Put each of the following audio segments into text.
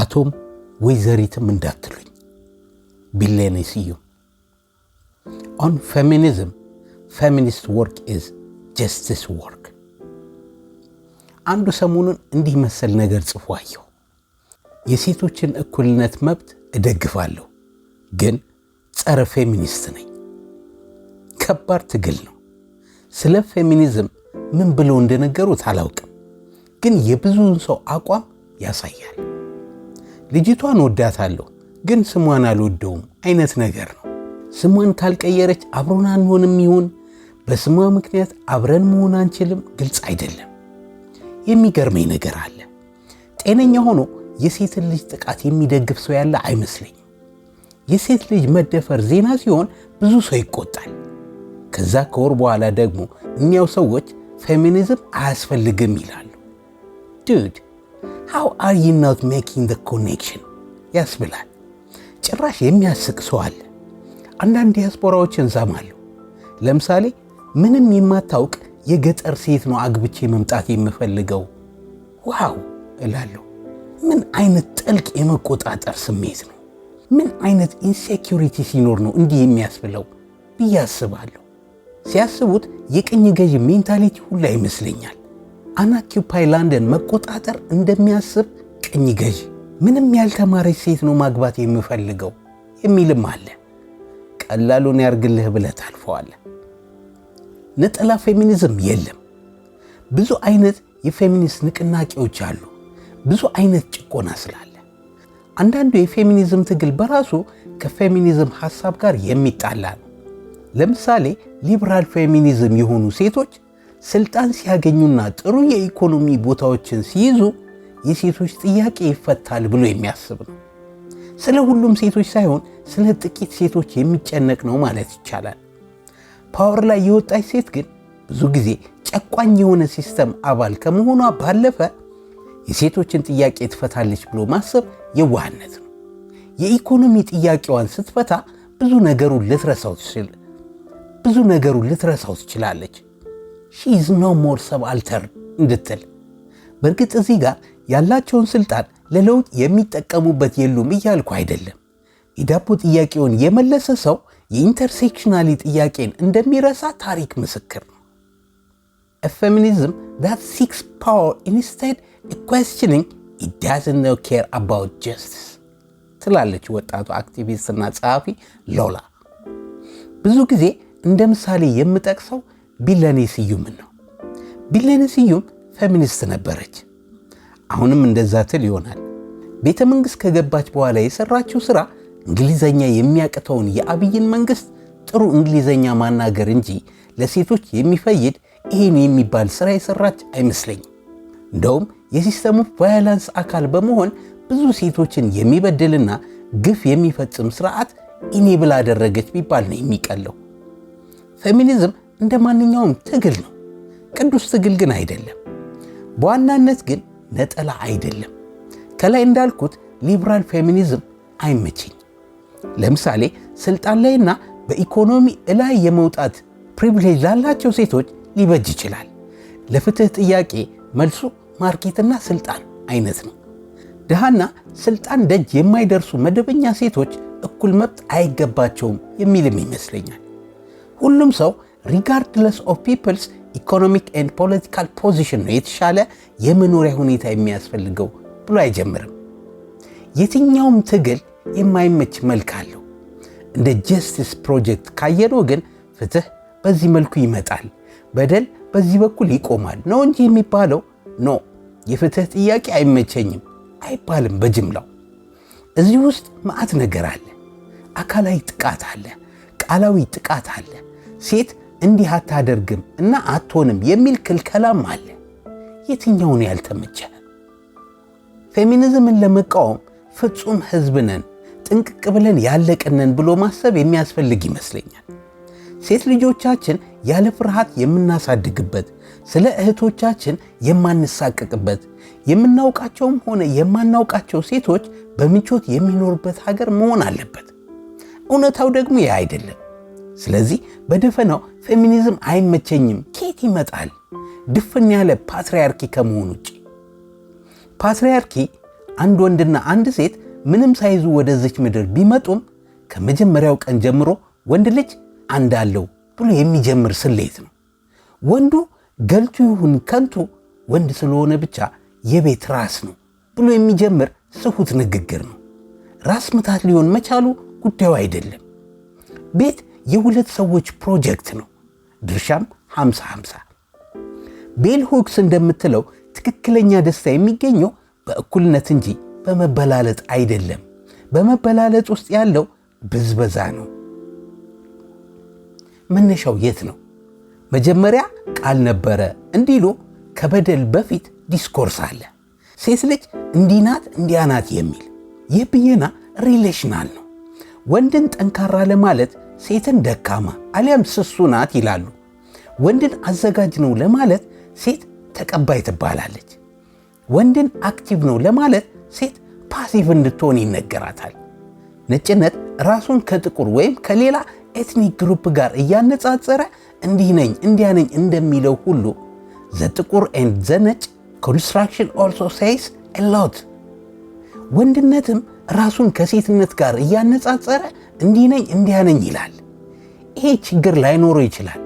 አቶም ወይዘሪትም እንዳትሉኝ ቢሌኔ ስዩም ኦን ፌሚኒዝም ፌሚኒስት ወርክ ኢዝ ጀስቲስ ወርክ። አንዱ ሰሞኑን እንዲህ መሰል ነገር ጽፎ አየሁ። የሴቶችን እኩልነት መብት እደግፋለሁ፣ ግን ጸረ ፌሚኒስት ነኝ። ከባድ ትግል ነው። ስለ ፌሚኒዝም ምን ብለው እንደነገሩት አላውቅም፣ ግን የብዙውን ሰው አቋም ያሳያል። ልጅቷን ወዳታለሁ ግን ስሟን አልወደውም አይነት ነገር ነው። ስሟን ካልቀየረች አብሮን አንሆንም ይሆን? በስሟ ምክንያት አብረን መሆን አንችልም። ግልጽ አይደለም። የሚገርመኝ ነገር አለ። ጤነኛ ሆኖ የሴትን ልጅ ጥቃት የሚደግፍ ሰው ያለ አይመስለኝም። የሴት ልጅ መደፈር ዜና ሲሆን ብዙ ሰው ይቆጣል። ከዛ ከወር በኋላ ደግሞ እኛው ሰዎች ፌሚኒዝም አያስፈልግም ይላሉ። ድድ ሃው አር ዩ ኖት ሜኪንግ ኮኔክሽን ያስብላል። ጭራሽ የሚያስቅ ሰው አለ። አንዳንድ ዲያስፖራዎች እንሰማለሁ። ለምሳሌ ምንም የማታውቅ የገጠር ሴት ነው አግብቼ መምጣት የምፈልገው ዋው እላለሁ። ምን አይነት ጥልቅ የመቆጣጠር ስሜት ነው! ምን አይነት ኢንሴኪሪቲ ሲኖር ነው እንዲህ የሚያስብለው ብዬ አስባለሁ። ሲያስቡት የቅኝ ገዥ ሜንታሊቲ ሁላ ይመስለኛል። አናኪፓይ ላንደን መቆጣጠር እንደሚያስብ ቅኝ ገዢ ምንም ያልተማረች ሴት ነው ማግባት የምፈልገው የሚልም አለ። ቀላሉን ያርግልህ ብለህ ታልፈዋለህ። ነጠላ ፌሚኒዝም የለም። ብዙ አይነት የፌሚኒስት ንቅናቄዎች አሉ። ብዙ አይነት ጭቆና ስላለ አንዳንዱ የፌሚኒዝም ትግል በራሱ ከፌሚኒዝም ሐሳብ ጋር የሚጣላ ነው። ለምሳሌ ሊብራል ፌሚኒዝም የሆኑ ሴቶች ስልጣን ሲያገኙና ጥሩ የኢኮኖሚ ቦታዎችን ሲይዙ የሴቶች ጥያቄ ይፈታል ብሎ የሚያስብ ነው። ስለ ሁሉም ሴቶች ሳይሆን ስለ ጥቂት ሴቶች የሚጨነቅ ነው ማለት ይቻላል። ፓወር ላይ የወጣች ሴት ግን ብዙ ጊዜ ጨቋኝ የሆነ ሲስተም አባል ከመሆኗ ባለፈ የሴቶችን ጥያቄ ትፈታለች ብሎ ማሰብ የዋህነት ነው። የኢኮኖሚ ጥያቄዋን ስትፈታ ብዙ ነገሩን ልትረሳው ትችላለች። ሺዝ ኖ ሞር ሰብአልተር እንድትል። በእርግጥ እዚህ ጋር ያላቸውን ስልጣን ለለውጥ የሚጠቀሙበት የሉም እያልኩ አይደለም። የዳቦ ጥያቄውን የመለሰ ሰው የኢንተርሴክሽናሊ ጥያቄን እንደሚረሳ ታሪክ ምስክር ነው። ፌሚኒዝም ዳት ሲክስ ፓወር ኢንስቴድ ኳስችኒንግ ዳዝንት ኬር አባውት ጀስቲስ ትላለች ወጣቱ አክቲቪስትና ጸሐፊ ሎላ። ብዙ ጊዜ እንደ ምሳሌ የምጠቅሰው ቢለኔ ስዩምን ነው። ቢለኔ ስዩም ፌሚኒስት ነበረች። አሁንም እንደዛ ትል ይሆናል። ቤተ መንግሥት ከገባች በኋላ የሰራችው ሥራ እንግሊዘኛ የሚያቅተውን የአብይን መንግሥት ጥሩ እንግሊዘኛ ማናገር እንጂ ለሴቶች የሚፈይድ ይህን የሚባል ሥራ የሰራች አይመስለኝም። እንደውም የሲስተሙ ቫዮላንስ አካል በመሆን ብዙ ሴቶችን የሚበድልና ግፍ የሚፈጽም ስርዓት ኢኔብል አደረገች ቢባል ነው የሚቀለው ፌሚኒዝም እንደ ማንኛውም ትግል ነው። ቅዱስ ትግል ግን አይደለም። በዋናነት ግን ነጠላ አይደለም። ከላይ እንዳልኩት ሊብራል ፌሚኒዝም አይመችኝ። ለምሳሌ ስልጣን ላይና በኢኮኖሚ እላይ የመውጣት ፕሪቪሌጅ ላላቸው ሴቶች ሊበጅ ይችላል። ለፍትህ ጥያቄ መልሱ ማርኬትና ስልጣን አይነት ነው። ድሃና ስልጣን ደጅ የማይደርሱ መደበኛ ሴቶች እኩል መብት አይገባቸውም የሚልም ይመስለኛል። ሁሉም ሰው ሪጋርድለስ ኦፍ ፒፕልስ ኢኮኖሚክ ኤንድ ፖለቲካል ፖዚሽን ነው የተሻለ የመኖሪያ ሁኔታ የሚያስፈልገው ብሎ አይጀምርም። የትኛውም ትግል የማይመች መልክ አለው። እንደ ጀስቲስ ፕሮጀክት ካየነው ግን ፍትህ በዚህ መልኩ ይመጣል፣ በደል በዚህ በኩል ይቆማል ነው እንጂ የሚባለው ኖ የፍትህ ጥያቄ አይመቸኝም አይባልም በጅምላው። እዚህ ውስጥ መዓት ነገር አለ። አካላዊ ጥቃት አለ፣ ቃላዊ ጥቃት አለ። ሴት እንዲህ አታደርግም እና አትሆንም የሚል ክልከላም አለ። የትኛውን ያልተመቸ ፌሚኒዝምን ለመቃወም ፍጹም ሕዝብ ነን ጥንቅቅ ብለን ያለቅነን ብሎ ማሰብ የሚያስፈልግ ይመስለኛል። ሴት ልጆቻችን ያለ ፍርሃት የምናሳድግበት፣ ስለ እህቶቻችን የማንሳቀቅበት፣ የምናውቃቸውም ሆነ የማናውቃቸው ሴቶች በምቾት የሚኖርበት ሀገር መሆን አለበት። እውነታው ደግሞ ይህ አይደለም። ስለዚህ በደፈናው ፌሚኒዝም አይመቸኝም ኬት ይመጣል ድፍን ያለ ፓትሪያርኪ ከመሆን ውጭ። ፓትሪያርኪ አንድ ወንድና አንድ ሴት ምንም ሳይዙ ወደዚች ምድር ቢመጡም ከመጀመሪያው ቀን ጀምሮ ወንድ ልጅ አንዳለው ብሎ የሚጀምር ስሌት ነው። ወንዱ ገልቱ ይሁን ከንቱ ወንድ ስለሆነ ብቻ የቤት ራስ ነው ብሎ የሚጀምር ስሁት ንግግር ነው። ራስ ምታት ሊሆን መቻሉ ጉዳዩ አይደለም። ቤት የሁለት ሰዎች ፕሮጀክት ነው። ድርሻም 50 50። ቤል ሆክስ እንደምትለው ትክክለኛ ደስታ የሚገኘው በእኩልነት እንጂ በመበላለጥ አይደለም። በመበላለጥ ውስጥ ያለው ብዝበዛ ነው። መነሻው የት ነው? መጀመሪያ ቃል ነበረ እንዲሉ ከበደል በፊት ዲስኮርስ አለ። ሴት ልጅ እንዲናት እንዲያናት የሚል ይህ ብየና ሪሌሽናል ነው። ወንድን ጠንካራ ለማለት ሴትን ደካማ አሊያም ስሱ ናት ይላሉ። ወንድን አዘጋጅ ነው ለማለት ሴት ተቀባይ ትባላለች። ወንድን አክቲቭ ነው ለማለት ሴት ፓሲቭ እንድትሆን ይነገራታል። ነጭነት ራሱን ከጥቁር ወይም ከሌላ ኤትኒክ ግሩፕ ጋር እያነጻጸረ እንዲህ ነኝ እንዲያ ነኝ እንደሚለው ሁሉ ዘ ጥቁር ኤንድ ዘ ነጭ ኮንስትራክሽን ኦልሶ ሴይስ ኤሎት ወንድነትም ራሱን ከሴትነት ጋር እያነጻጸረ እንዲህ ነኝ እንዲያ ነኝ ይላል። ይሄ ችግር ላይኖረው ይችላል።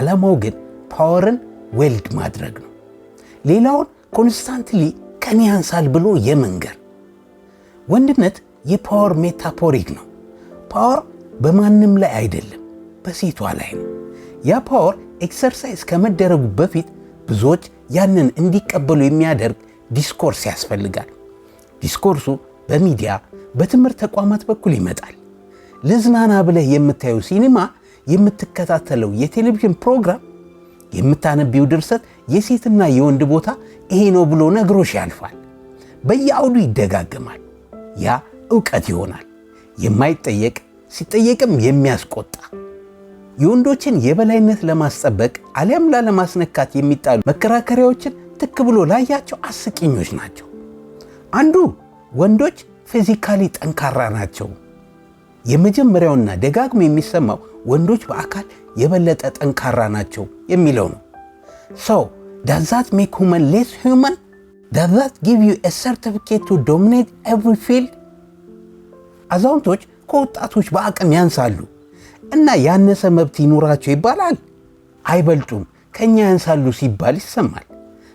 ዓላማው ግን ፓወርን ዌልድ ማድረግ ነው። ሌላውን ኮንስታንትሊ ከኔ ያንሳል ብሎ የመንገር ወንድነት የፓወር ሜታፖሪክ ነው። ፓወር በማንም ላይ አይደለም፣ በሴቷ ላይ ነው። ያ ፓወር ኤክሰርሳይዝ ከመደረጉ በፊት ብዙዎች ያንን እንዲቀበሉ የሚያደርግ ዲስኮርስ ያስፈልጋል። ዲስኮርሱ በሚዲያ በትምህርት ተቋማት በኩል ይመጣል። ልዝናና ብለህ የምታየው ሲኒማ፣ የምትከታተለው የቴሌቪዥን ፕሮግራም፣ የምታነቢው ድርሰት የሴትና የወንድ ቦታ ይሄ ነው ብሎ ነግሮሽ ያልፋል። በየአውዱ ይደጋገማል። ያ እውቀት ይሆናል። የማይጠየቅ ሲጠየቅም የሚያስቆጣ የወንዶችን የበላይነት ለማስጠበቅ አሊያም ላለማስነካት የሚጣሉ መከራከሪያዎችን ትክ ብሎ ላያቸው አስቂኞች ናቸው። አንዱ ወንዶች ፊዚካሊ ጠንካራ ናቸው የመጀመሪያውና ደጋግሞ የሚሰማው ወንዶች በአካል የበለጠ ጠንካራ ናቸው የሚለው ነው። ሰው ዳዛት ሜክ ሁመን ሌስ ሁመን ዳዛት ጊቭ ዩ ሰርቲፊኬት ቱ ዶሚኔት ኤቭሪ ፊልድ። አዛውንቶች ከወጣቶች በአቅም ያንሳሉ እና ያነሰ መብት ይኑራቸው ይባላል። አይበልጡም ከእኛ ያንሳሉ ሲባል ይሰማል።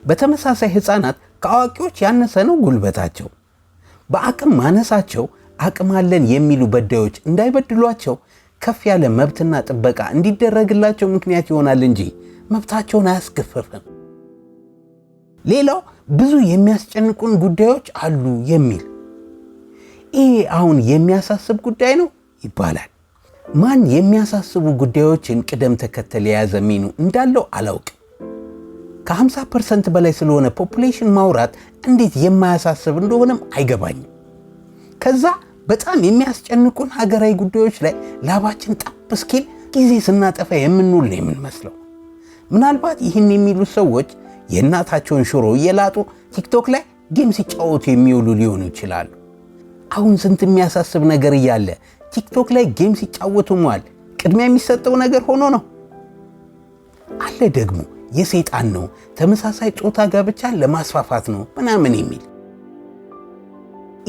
በተመሳሳይ ሕፃናት ከአዋቂዎች ያነሰ ነው ጉልበታቸው። በአቅም ማነሳቸው አቅማለን የሚሉ በዳዮች እንዳይበድሏቸው ከፍ ያለ መብትና ጥበቃ እንዲደረግላቸው ምክንያት ይሆናል እንጂ መብታቸውን አያስገፈፍም። ሌላው ብዙ የሚያስጨንቁን ጉዳዮች አሉ የሚል ይህ አሁን የሚያሳስብ ጉዳይ ነው ይባላል። ማን የሚያሳስቡ ጉዳዮችን ቅደም ተከተል የያዘ ሚኑ እንዳለው አላውቅም። ከ50 ፐርሰንት በላይ ስለሆነ ፖፑሌሽን ማውራት እንዴት የማያሳስብ እንደሆነም አይገባኝም። ከዛ በጣም የሚያስጨንቁን ሀገራዊ ጉዳዮች ላይ ላባችን ጠብ እስኪል ጊዜ ስናጠፋ የምንውል ነው የምንመስለው። ምናልባት ይህን የሚሉት ሰዎች የእናታቸውን ሽሮ እየላጡ ቲክቶክ ላይ ጌም ሲጫወቱ የሚውሉ ሊሆኑ ይችላሉ። አሁን ስንት የሚያሳስብ ነገር እያለ ቲክቶክ ላይ ጌም ሲጫወቱ መዋል ቅድሚያ የሚሰጠው ነገር ሆኖ ነው አለ ደግሞ የሰይጣን ነው፣ ተመሳሳይ ጾታ ጋብቻን ለማስፋፋት ነው ምናምን የሚል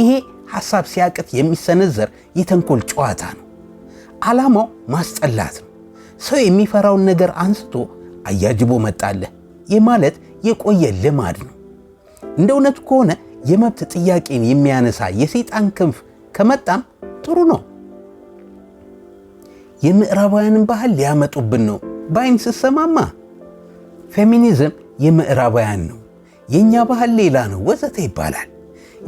ይሄ ሐሳብ ሲያቅት የሚሰነዘር የተንኮል ጨዋታ ነው። ዓላማው ማስጠላት ነው። ሰው የሚፈራውን ነገር አንስቶ አያጅቦ መጣለህ የማለት የቆየ ልማድ ነው። እንደ እውነቱ ከሆነ የመብት ጥያቄን የሚያነሳ የሰይጣን ክንፍ ከመጣም ጥሩ ነው። የምዕራባውያንን ባህል ሊያመጡብን ነው ባይን ስሰማማ ፌሚኒዝም የምዕራባውያን ነው፣ የእኛ ባህል ሌላ ነው ወዘተ ይባላል።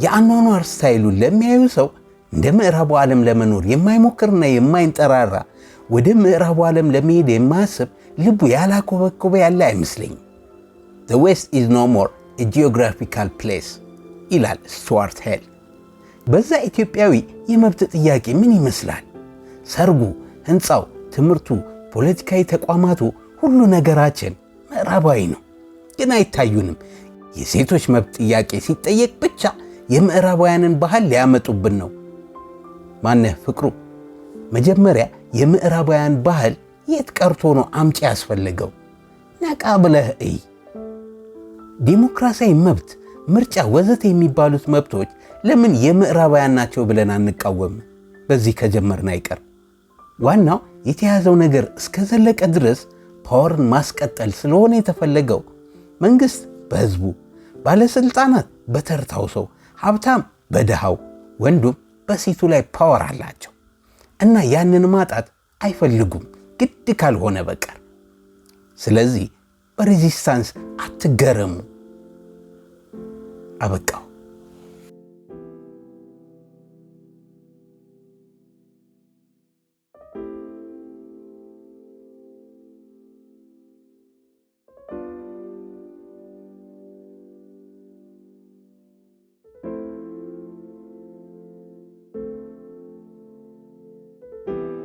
የአኗኗር ስታይሉን ለሚያዩ ሰው እንደ ምዕራቡ ዓለም ለመኖር የማይሞክርና የማይንጠራራ ወደ ምዕራቡ ዓለም ለመሄድ የማያስብ ልቡ ያላኮበኮበ ያለ አይመስለኝም። ዘ ዌስት ኢዝ ኖ ሞር ጂኦግራፊካል ፕሌስ ይላል ስቱዋርት ሄል። በዛ ኢትዮጵያዊ የመብት ጥያቄ ምን ይመስላል? ሰርጉ፣ ሕንፃው፣ ትምህርቱ፣ ፖለቲካዊ ተቋማቱ፣ ሁሉ ነገራችን ምዕራባዊ ነው፣ ግን አይታዩንም። የሴቶች መብት ጥያቄ ሲጠየቅ ብቻ የምዕራባውያንን ባህል ሊያመጡብን ነው። ማነህ ፍቅሩ መጀመሪያ የምዕራባውያን ባህል የት ቀርቶ ነው አምጪ ያስፈለገው? ነቃ ብለህ እይ። ዲሞክራሲያዊ መብት፣ ምርጫ፣ ወዘተ የሚባሉት መብቶች ለምን የምዕራባውያን ናቸው ብለን አንቃወም? በዚህ ከጀመርን አይቀር ዋናው የተያዘው ነገር እስከ ዘለቀ ድረስ ፓወርን ማስቀጠል ስለሆነ የተፈለገው መንግሥት በሕዝቡ ባለሥልጣናት በተርታው ሰው ሀብታም በድሃው ወንዱም በሴቱ ላይ ፓወር አላቸው እና ያንን ማጣት አይፈልጉም ግድ ካልሆነ በቀር። ስለዚህ በሬዚስታንስ አትገረሙ። አበቃው።